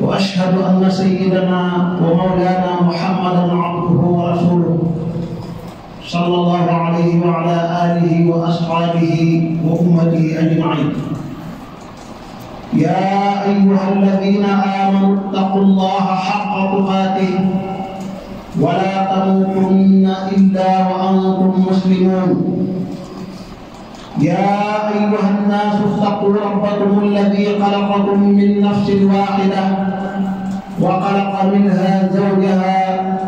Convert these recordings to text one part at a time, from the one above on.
واشهد ان سيدنا ومولانا محمدا عبده ورسوله صلى الله عليه وعلى اله واصحابه وامته اجمعين يا ايها الذين امنوا اتقوا الله حق تقاته ولا تموتن الا وانتم مسلمون يا أيها الناس اتقوا ربكم الذي خلقكم من نفس واحدة وخلق منها زوجها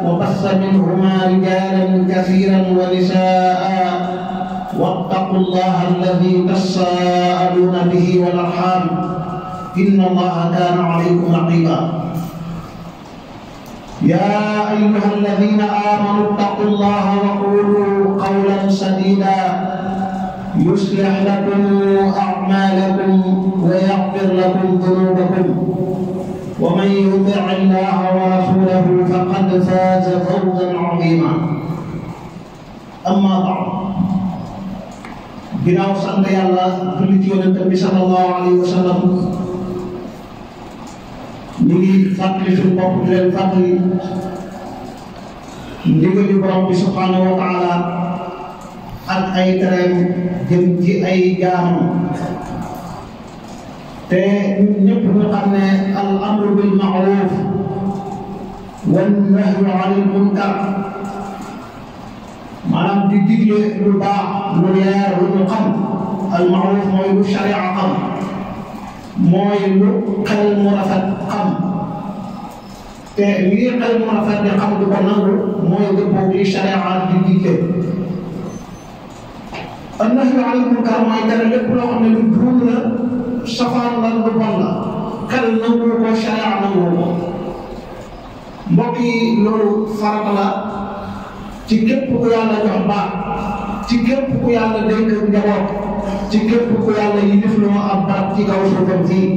وبث منهما رجالا كثيرا ونساء واتقوا الله الذي تساءلون به والأرحام إن الله كان عليكم رقيبا يا أيها الذين آمنوا اتقوا الله وقولوا قولا سديدا يصلح لكم أعمالكم ويغفر لكم ذنوبكم ومن يطع الله ورسوله فقد فاز فوزا عظيما أما بعد ginnaaw sant yàlla julli ci yonentam bi sallallahu alayhi wa sallam ñu ngi fàttali suñu bopp di leen fàttali ndigali borom bi subhanahu wa taala ak ay tereem jëm ci ay jaamu te ñun ñëpp ñu xam ne al amru bil ma'ruf wan nahyu anil munkar maanaam di digle lu baax lu leer lu ñu xam al ma'ruf mooy lu sharia xam mooy lu xel mu rafet xam te lii xel mu rafet di xam du ko nangu mooy dëppoo bi sharia di digle am na fi alal munkar mooy tere lépp loo xam safaan la lu bon la xel nangu ko ko mbokk yi loolu farata la ci képp ku yàlla jox baax ci képp ku yàlla dénk njaboot ci képp ku yàlla yi def loo am baat ci kaw suufam fii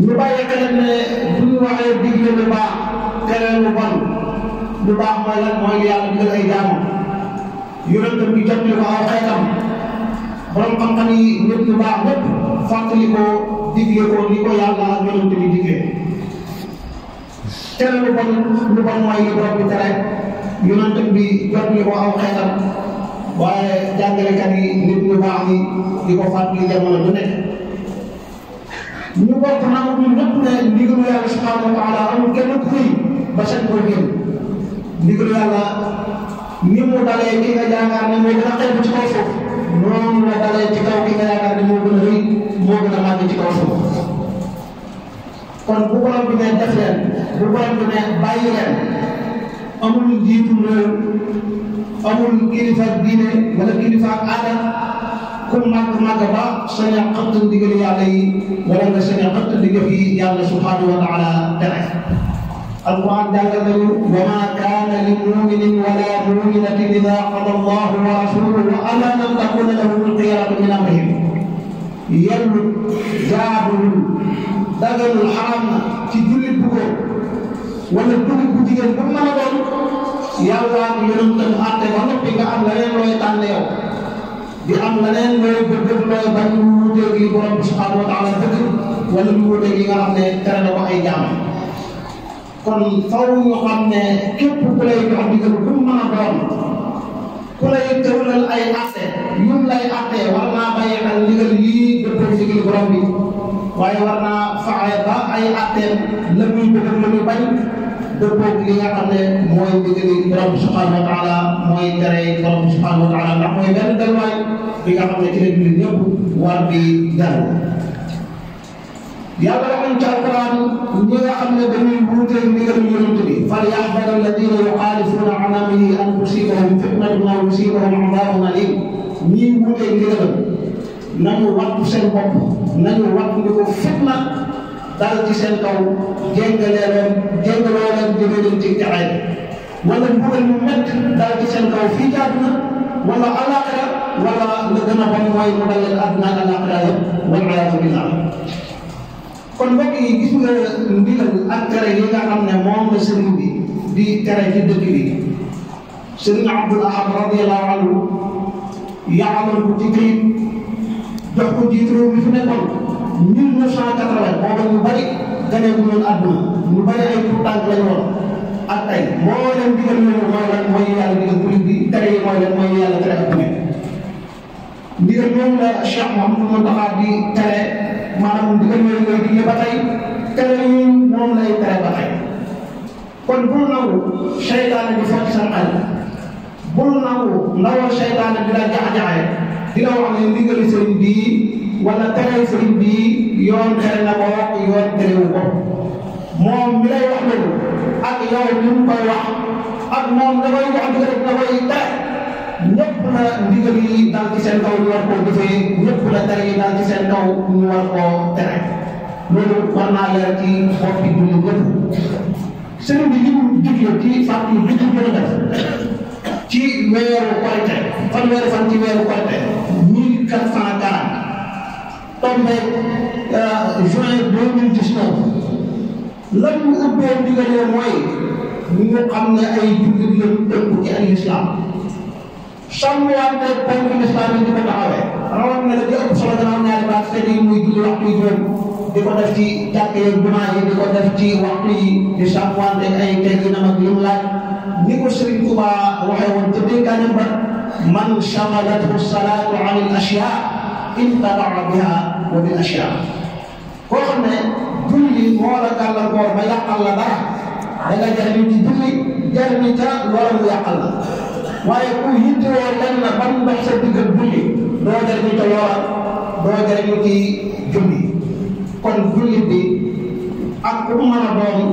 ñu bàyyi xel ne bu ñu waxee digle lu baax tere lu bon lu baax mooy yonentam bi jot li ko ay xeetam borom xam-xam yi nit ñu baax ñëpp fàttali ko digle ko ni ko yàlla ak yonent bi digle tere lu bon lu bon mooy li bi tere yonent bi jot li ko aw xeetam waaye jàngalekat yi nit ñu baax ñi di ko fàttali jamono ñu nekk ñu bokk nag ñun ñëpp ne ndigalu yàlla subhanahu wa taala amul kenn ku ba seen ko génn ndigalu yàlla ni mu dalee ki nga yaakaar ne mooy gën a xeeb ci kaw suuf noonu la dalee ki nga yaakaar ne moo gën a rëy gën a màgg ci kaw suuf kon bu borom bi ne def leen bu borom bi ne bàyyi leen amul jiitu réew amul kilifa diine wala kilifa aada ku màgg màgg ba sañ a xëtt ndigal yàlla wala nga sañ a xëtt ndigal yi yàlla subhanahu wa taala alquran jàngal nañu wa maa kaana li muminin wala muminatin ida qada allahu wa rasuluhu amran an takuna lahum alxiyaratu min amrihim yellu jaaduwul dagalul xaraam na ci jullit bu góor wala jullit bu jigéen bu mën a doon yàlla ak yonentam àtte ba noppi nga am leneen looy tànn yow di am leneen looy bëgg looy bañ lu wuuteeg yi borom bi subhanahu wa taala bëgg wala lu wuuteeg yi nga xam ne tere na ko ay jaam kon faw ñu xam ne képp ku lay jox ndigal ku mën a doon ku ay atte ñun lay atte war naa bàyyi xel ndigal yii dëppoo ci borom bi waaye ay atteem la muy bëgg la muy bañ dëppoo li nga xam ne mooy ndigali borom bi wa taala mooy tere borom bi subhanahu wa taala ndax mooy benn delluwaay bi nga xam ne ci la jullit war bi dal yàlla waxoon ci alquran ñi nga xam ne dañuy wuuteeg ndigal yonent bi falyaxdar alladina yuxaalifuuna an amrihi an tusibahum fitnatun aw yusibahum adaabun aliim ñii wuuteeg ndigal nañu wattu seen bopp nañu wattu ndi ko fitna dal ci seen kaw jéngalee leen jéngaloo leen jóge leen ci jaxee wala mbugal mu mett dal ci seen kaw fii jaaduna wala alaxira wala la gën a bon mooy mu dal leen àdduna ak alaxira yëpp wal iyaadu billah kon mbokk yi gis nga ndigal ak tere yi nga ne moom la sëriñ bi di tere ci dëkk bi sëriñ Abdul Ahad radiyallahu anhu yaamal ko ci këyit jox ko jiit mi fi nekkoon 1980 booba ñu bari ganee bu ñoon àdduna ñu bari ay pourtànk lañu woon ak tey moo leen digal ñooñu mooy lan mooy yàlla digal bu bi tere yi mooy lan mooy yàlla tere ak bu nekk ndigal ñoom la Cheikh Mouhamadou Mountakha di tere maanaam ndigal yooyu ngay digle ba tey tere moom lay tere ba tey kon bul nangu seytaane bi foofu sa xel bul nangu la jaxajaxe di la wax ne ndigali sëriñ wala tere sëriñ bii yoon tere na ko yoon terewu moom mi lay wax loolu ak yow mi mu koy wax ak moom da koy wax ndigal da koy tere na ndigal yi dal ci seen kaw ñu war koo la tere yi dal ci seen tere loolu war naa leer ci boppi bu ñu ñëpp sëriñ bi li mu digle ci fàttali lu ñu gën a def ci weeru korite fanweeri fan ci weeru korite mille quatre cent quarante tombé euh, juin deux mille dix-neuf lan mu ubbee ndigalee mooy ñu xam islam sàmmwante ponk lislaam yi di ko taxawee rawatina nag di ëpp solo dana am ñaari baat te di muy julli waxtu yi juróom di ko def ci jàkk yeeg jumaa yi di ko def ci waxtu yi di sàmmwante ay tegginam ak li mu laaj ni ko Sëriñ Tuuba waxee woon te dénkaane ba man shagalathu salaatu an al ashyaa intafa'a biha wa bil ashyaa koo xam ne julli moo la gàllankoor ba yàqal la dara da nga jariñu ci julli jariñu ca loolu yàqal la waaye ku yittewoo lenn na ban ndox sa diggal julli doo jariñu ca loola doo jariñu kon jullit ak ku mën a doon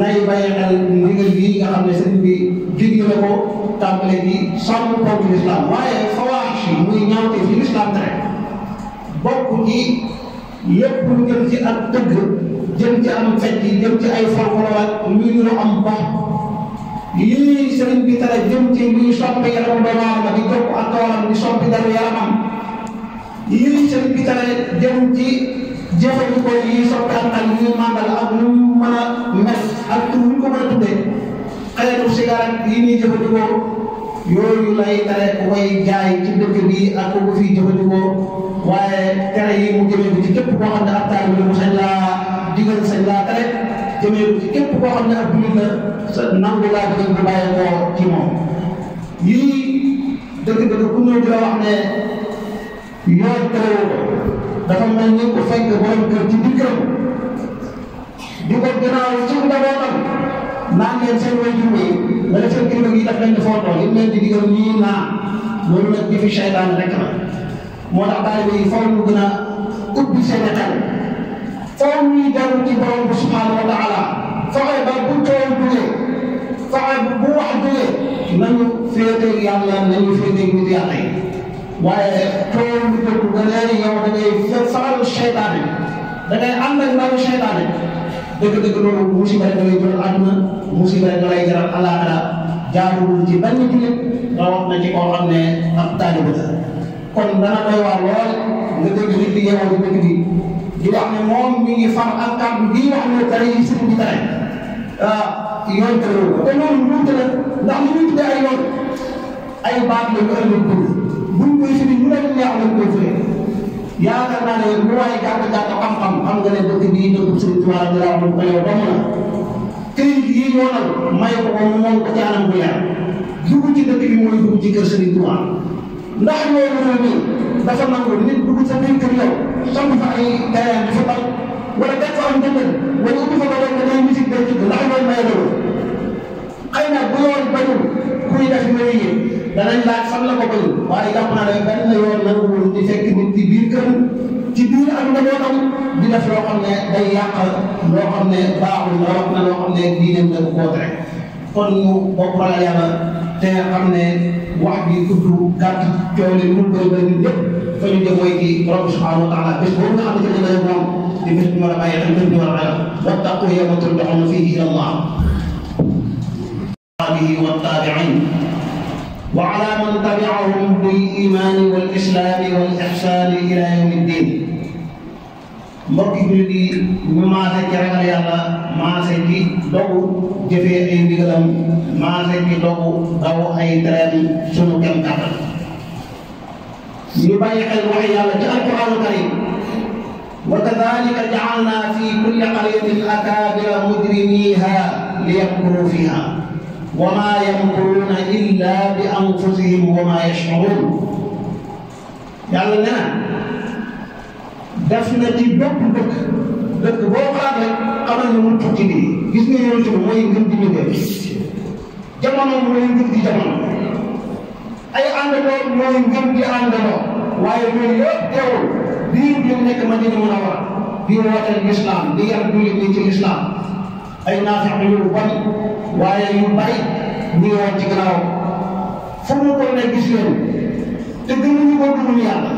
nay bàyyi xel ndigal yi nga xam ne sëriñ bi digle na ko tàmbale bi sàmm kooku waaye fawaaxis yi muy ñaawte ci lislaam tere bokk ci lépp lu ci ak dëgg jëm ci am fecc jëm ci ay folklore ak ñu ñu am yii sëriñ bi tere jëm ci luy soppi yaram doomu aadama di topp ak toolam di soppi dalu yaramam bi tere jëm ci jëfandikoo yi soppi ak ak yuy màndal ak lu mu mën a mes ak tur ñu ko mën a tuddee xeetu cigarette yi ñuy jëfandikoo bi ak ku fi jëfandikoo waaye tere mu jëmee bi ci képp koo xam mu sañ laa digal sañ tere jëmee ci képp koo xam ne ak jullit nangu laa dëgg bu bàyyi koo moom yii dëgg-dëgg ku ñëw wax ne yoon terewu ko dafa mel ni ku fekk borom kër ci diggam di ko gënaaw ci njabootam naan leen seen wajur yi wala seen kilifa gi daf leen di footoo li fi seytaan rek la moo tax taalibe yi faw gën a ubbi seen faaw ñuy dellu ci borom wa taala fexe ba bu coow jógee fexe bu wax jógee nañu féeteeg yàlla nañu féeteeg nit yàlla yi waaye coow lu dëgg nga léegi yow da ngay faral seytaane da ngay ànd ak ndaw seytaane dëgg-dëgg loolu musiba rek da lay jural àdduna musiba rek da lay jaral àllaaxira jaaduwul ci benn jullit wax na ci koo xam ne ab taalibe la kon dana doy waar lool nga dégg nit di yeewoo di dëgg di wax ne moom mi ngi far ak kàddu bii wax ne tere yi sëriñ bi tere ah, yoon te loolu te loolu njuumte la ndax li ñuy tuddee ay yoon ay baat la ñu ëllëg ko buñ koy firi ñu leen neex lañ koy firi yaakaar naa ne lu waaye jàpp jàpp xam-xam xam nga ne dëkk bii dëkk sëriñ Tuubaa ñu laa ko yow ba mu la këyit yi yoonal may ko ko moom ko ci anam bu leer dugg ci dëkk dafa nangu nit dugg sa biir kër yow samp fa ay terrain di fa bal wala benn fa am dëndën wala ubbi fa ba doon da ngay musique day tudd ndax loolu may loolu xëy na bu yoon bañul kuy def mbéy yi danañ laaj fan la ko bañul waaye jàpp naa ne benn yoon nanguwul di fekk nit ci biir kër ci biir am na loo xam di def loo xam ne day yàqal loo xam ne baaxul la wax na loo xam ne diineem ko koote kon ñu bokk ragal yàlla te xam ne wax bi tudd gàtt coono yi mun koy bëri ñëpp. fa ñu jëm mooy kii borom subhanahu wa taala bés boobu nga xamante ne dañu moom di bés bu ñu war a bàyyi xel bés bu ñu war a ragal wattaqu yawman turjaʿuuna fiihi ila Allah wa taabiʿiin wa ala man tabiʿahum bil iimaani wal islaami wal ihsaani ila yawmi ddiin mbokk jullit yi ñu maase ci ragal yàlla maase ci dogu jëfee ay ndigalam maase ci dogu daw ay tereem sunu kem kàttan ñu bàyyi xel waxe yàlla ci alquraan karim wa kadalika jaalna fi kulli qaryatin akabira mujrimiha liyamkuru fiha wa ma yamkuruna illa bi anfusihim wa ma yashurun yàlla nee na def na ci bépp dëkk dëkk boo xalaat rek xamal ne mu tukki bi gis nga yoon ci mooy ngir di jamono mooy ngir di jamono ay àndandoo ñooy ngëm di àndandoo waaye ñooy yëpp teewul biir ñu nekk Madina Munawara di wooteel lislaam di yar jullit ñi ci lislaam ay naafeq yu bari waaye yu bari ñu woon ci gannaaw fu mu ko ne gis leen te gënuñu ko gënul yàlla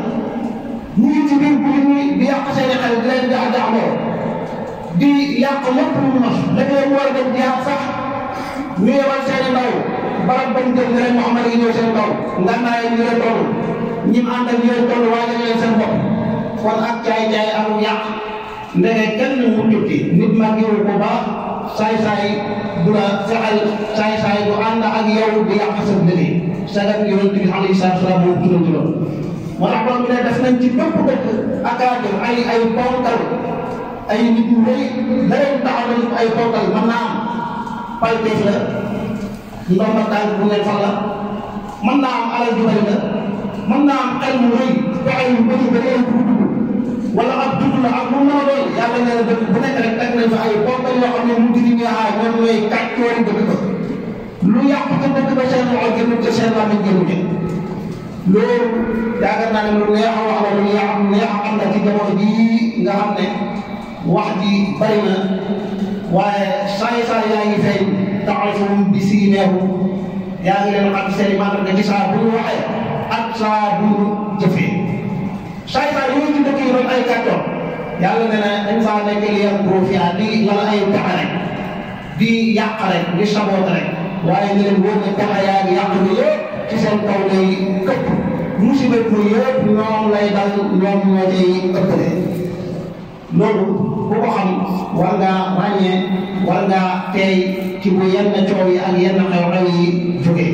ñu ngi ci biir jullit ñi di yàq seen di leen jaax di yàq lépp mu mos la ñu war a dem jaar sax ñu yebal seen i ndaw barab bañ jëm ne rek Mouhamad yi ñëw seen tool ngannaay ñu leen toll ñi mu ànd ak yooyu toll waajal kon ak jaay-jaay amul yàq ndege kenn mu tukki nit mag yow bu saay-saay du la fexal saay-saay du ànd sa dëgg sagat yonent bi alayhi salaatu salaam moom tuddati loolu moo tax ne def nañ ci bépp dëkk ak ay ay ponkal ay nit ñu rëy da leen ay ponkal mën naa am palteef la ndomba ma bu ne fan la mën naa am alal ju bari la mën am xel mu rëy pexe yu ba léegi dugub dugub wala ab dugub la ak lu mu mën a doon yàlla na dëkk bu nekk rek teg nañ ba lu yàq ba seen loxo génn ko seen làmmiñ génn ko loolu yaakaar naa ne lu neex a wax am na ci jamono jii nga xam ne wax ji bari na waaye saay saay yaa ngi ta'rifuhum bi siinahum yaa ngi leen xam seen i mandarga ci saa bu ñu waxee ak saa bu ñu jëfee saytaan yooyu ci dëkk yi doon ay kàddoon yàlla nee na dañ faa nekk li yam goo fi di lala ay pexe rek di yàq rek di saboot rek waaye ñu leen wóor ne pexe yaa ngi yàq bi yëpp ci seen kaw lay këpp musiba bi yëpp ñoom lay dal ñoom ñoo cay ëppale loolu ku xam war ngaa ràññee war ngaa teey ci bu yenn coow yi ak yenn xew-xew yi jóge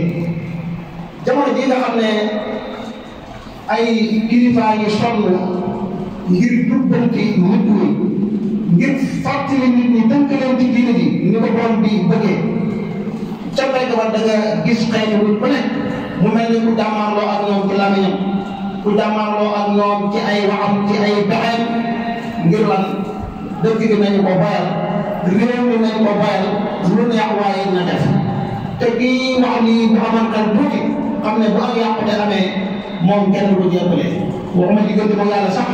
jamono ji nga xam ne ay kilifaa sonn ngir jubbanti nit ñi ngir fàttali nit ñi dënk ko borom bi bëggee ca fekk war da gis xeetu ku nekk mu mel ni ku dàmmaarloo ak ñoom ci làmmiñam ku dàmmaarloo ak ñoom ci ay waxam ci ay bexeem ngir lan dëkk gi nañu ko bayal réew mi nañu ko bayal lu neex waaye na def te kii wax nii bu amal kan tuuti xam ne bu ak yàqute amee moom kenn du jëppale waxuma diggante moom yàlla sax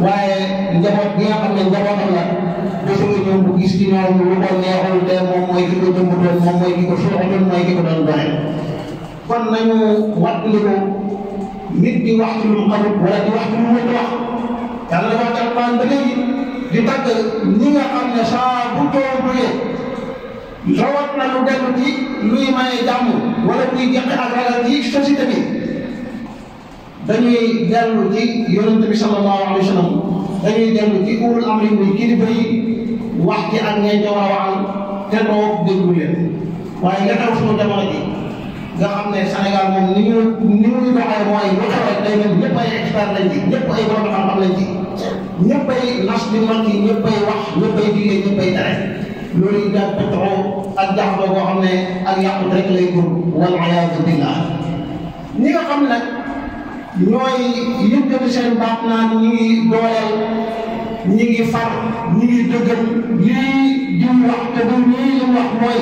waaye njaboot bi nga xam ne njabootam la bés nga ñëw bu gis ci ñoom lu ko neexul te moom mooy ki ko jëmmutoon moom mooy ki ko suuxatoon mooy ki ko doon doxe kon nañu wattandiku nit di wax ci lu mu xamul wala di wax ci lu mu wax yàlla dafa tàmbali ba léegi di tàgg ñi a xam ne saa bu doon duggee rawat na lu dellu ci luy maye jàmm wala kuy jeqe ak ragal ci société bi dañuy dellu ci yonent bi sallallahu alayhi wa sallam dañuy dellu ci ulul amri muy kilifa yi wax ci ak ngay jawar a waxal te doo déglu leen waaye nga taw suñu jamono ji nga ni ñu ni ñu doxee mooy lu xew rek day mel ñëpp ay expert lañ ci ñëpp ay ñëppay nas bi mag yi ñëppay wax ñëppay digle ñëppay tere loolu it daal pétrole ak jaxasoo boo xam ne ak yàqut rek lay góor wal ayaadu billah ñi nga xam nag ñooy yëkkati seen baat naan ñi ngi ñi ngi far ñi ngi dëggal lii di wax te du lii li wax mooy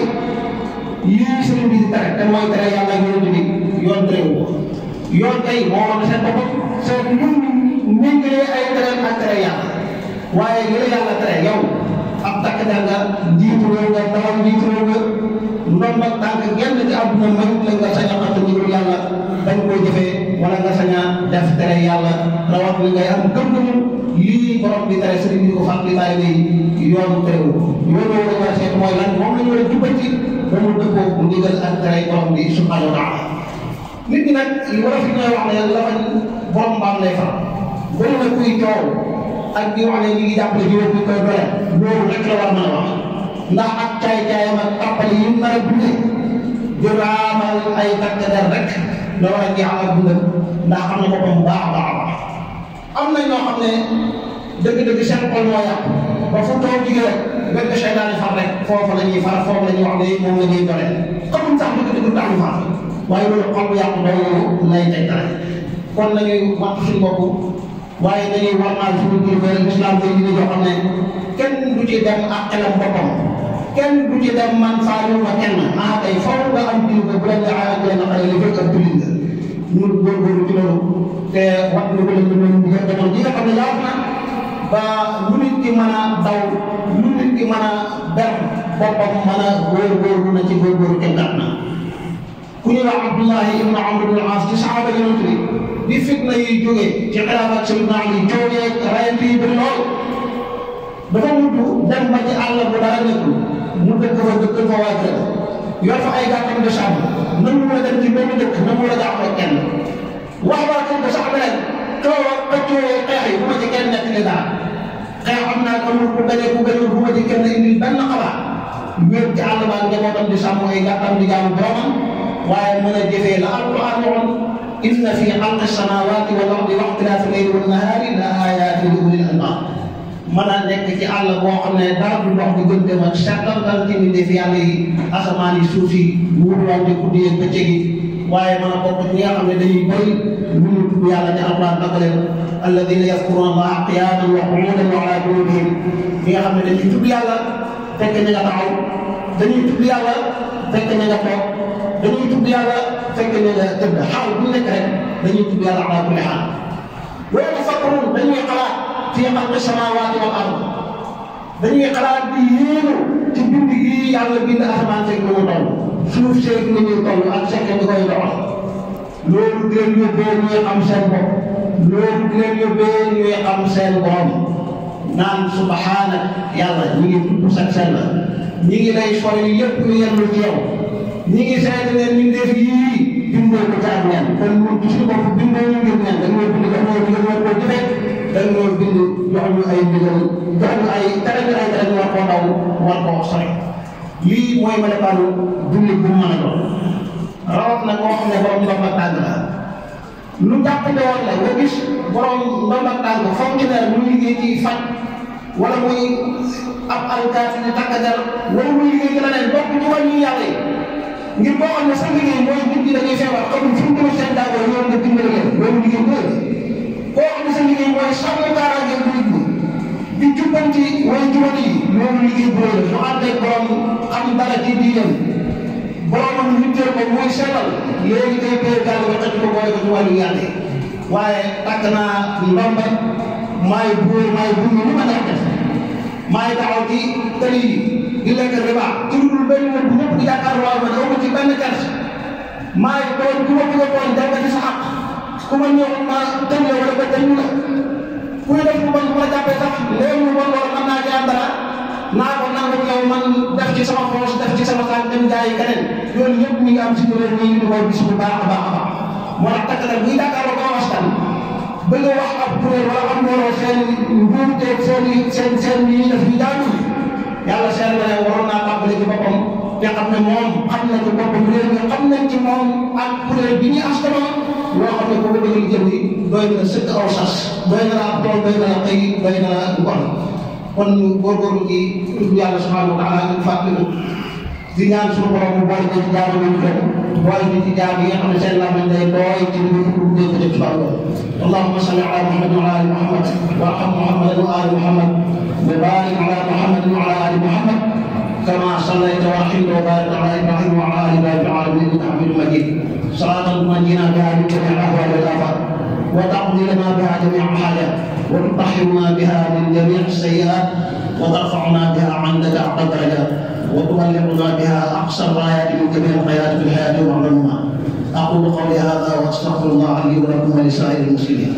lii sëriñ bi di tere te mooy tere yàlla yonent bi yoon tere wu ko yoon tey moo mën a seen bopp seen méngalee ay tereem ak tere yàlla waaye li la yàlla tere yow ab takk der nga njiitu réew nga dawal njiitu réew nga ndomba tànk genn ci àdduna mayut la nga sañ a xatt njurul yàlla dañ koy jëfee wala nga sañ a def tere yàlla rawat li ngay am gëm-gëmu lii borom bi tere sëriñ bi ko fàttali bàyyi lay yoonu terewu yoonu wala nga seet mooy lan moom la ñu war a jubbanti ba mu dëppoo bu ndigal ak tere borom bi subhanahu wa taala nit ñi nag li war a fi ñooy wax ne la borom mbaam lay faral bëri na kuy coow ak di wax ne ñu ngi jàppale jiw bi koy doole loolu rek la war mën a wax ndax ak caay-caayam ak appali yi nar a dundee jëraamal ay takk der rek la war a jeexal ak dundam na boppam bu ne dëgg-dëgg seen xol moo yàqu ba fu taw jigéen rek benn seytaane far rek foofu la ñuy far wax ne moom la ñuy doole comme sax dëgg-dëgg daanu far waaye loolu xol bu waaye dañuy warmaal suñu kilifa yi lislaam day dina joo ne kenn du ci dem ak xelam boppam kenn du ci dem man saa ma kenn ah tey foofu nga am kilifa bu la nga xamante ne xale li fekk ak jullit nga ñu góorgóorlu ci loolu te wax nga ko leen ñu nga demoon ñi nga xam ne yaatu na ba lu ki mën a daw lu nit ki mën a ber boppam mën a góorgóorlu na ku ñuy wax Abdullahi ibnu Amr ibnu Al-As ci fitna yi jógee ci xilaafa ak seen naaj yi coow yeeg rayante yi bëri mujj dem ba ci àll bu dara nekkul mu dëkk fa dëkk fa waa kër yor fa ay gàttam de sàmm nan mu la dem ci benn dëkk nan mu la jàpp ak kenn wax waa kër ga sax beneen coow ak pëccoo yeeg xeex yi bu ma ci nekk ni daal xeex am naa ko ku gañe ku gañe bu ma ci kenn indil benn xabaar wér ci àll ba njabootam di sàmm ay waaye mën a jëfee la alquran waxoon inna fi xalqi samaawaati wal ardi wa ixtilaafi layli wan nahaari la aayaatin li ulil albaab mën a nekk ci àll boo xam ne daal du ndox di gën dem ak settantal ci mbindeef yàlla yi asamaan yi suuf yi wuurwante guddi yeeg bëccëg yi waaye mën a bokk ñi nga xam ne dañuy bëri lu ñu tudd yàlla ci alquran naka leen alladina yaskuruna allaha qiyaaman wa qu'uudan wa ala junubihim ñi nga xam ne dañuy tudd yàlla fekk ña nga taxaw dañuy tudd yàlla fekk ña nga toog dañuy tudd yàlla fekk ne la tëdd xaal bu nekk rek dañuy tudd yàlla ala kulli xaal wa yatafakkarun dañuy xalaat fii xalqi samawaati wal ard dañuy xalaat di yéenu ci bind yi yàlla bind asamaan seeg ni mu toll suuf seeg ni ñuy toll ak sekkee ni koy doxal loolu di leen yóbbee ñuy xam seen bopp loolu di leen yóbbee ñuy xam seen borom naan subhaana yàlla ñu ngi tudd sa sell ñu ngi lay sori yëpp ñu yemlu ci yow ñi ngi seetlu leen ñu def yii bindoo ko ca ñaan kon ñun ci suñu bopp bindoo ñu ngir ñaan dañoo bind dañoo bind ñoo ko ci fekk dañoo bind jox ñu ay ndigal jox ñu ay tere ñu ay tere ñu war koo daw war koo sori lii mooy ma defaru jullit bu mën a doon rawat na koo xam ne borom ndomba tàng la lu jàpp ne woon la nga gis borom ndomba tàng fonctionnaire mu liggéey ci faj wala muy ab alkaati ne takk der wala muy liggéey ci leneen bokk ci wàññi yàlla ngir boo xam ne sax liggéey mooy nit ñi dañuy feebar xamul fu mu gën a seen daawoo ñoom nga dimbali leen loolu liggéey sa liggéey mooy sàmm kaaraange nit ñi di jubbanti way jubati yi loolu liggéey bu rëy mu ànd ak borom xam dara ci diinam boromam yitteel ko muy seetal léegi day béy gàll ba tëj ko boole ko ci wàllu yàlla waaye tàkk naa ndomba maay buur maay buur lu ma neex def maay taxaw ci lu bëri na bu ñëpp yaakaar waaw ma dama ci benn kers maa ngi doon ku ma bëgg a doon danga ci sa ku ma ñëw ma dem la wala ba dañu la kuy def lu bon bu ma jàppee sax léegi lu bon naa jaar dara naa ko nangu yow man def ci sama poche def ci sama xaalis dem jaayi keneen loolu yëpp am si biir ñi ñu koy gis bu baax a baax a baax moo tax takk nag buy Dakar ko waxtaan bëgg a wax ab kuréel wala am looloo seen nguur teeg seen seen seen yi def ñu daanul yàlla seetlu na ne waroon naa tàmbali ci boppam te xam ne moom xam na ci boppam réew mi xam nañ ci moom ak kuréel bi ñuy askanoo loo xam ne boobu dañuy jëm ni doy na sëkk aw sas doy na laa tool doy na laa xëy doy na laa ngoon kon ñu góorgóorlu ci yàlla subhanahu wa taala ñu fàttali di ñaan suñu borom mu boole ko ci jaamu ñu waaye nit yi jaam yi nga xam ne seen làmmiñ day booy ci lu dul dégg def ci barke allahumma salli ala muhammad wa ali muhammad wa arham muhammad wa ali muhammad wa barik ala muhammad wa ala ali muhammad kama sallayta wa rahimta wa barik ala ibrahim wa ala ali ibrahim fil alamin innaka hamidun majid salatan tunajjina biha min jami'i al-ahwal wal afat wa taqdi lana biha jami'a al-hajat wa tutahhiruna biha min jami'i as-sayyi'at وترفعنا بها عندك أعلى الدرجات وتبلغنا بها أقصى الغايات من جميع الغايات في الحياة والعلوم أقول قولي هذا وأستغفر الله لي ولكم ولسائر المسلمين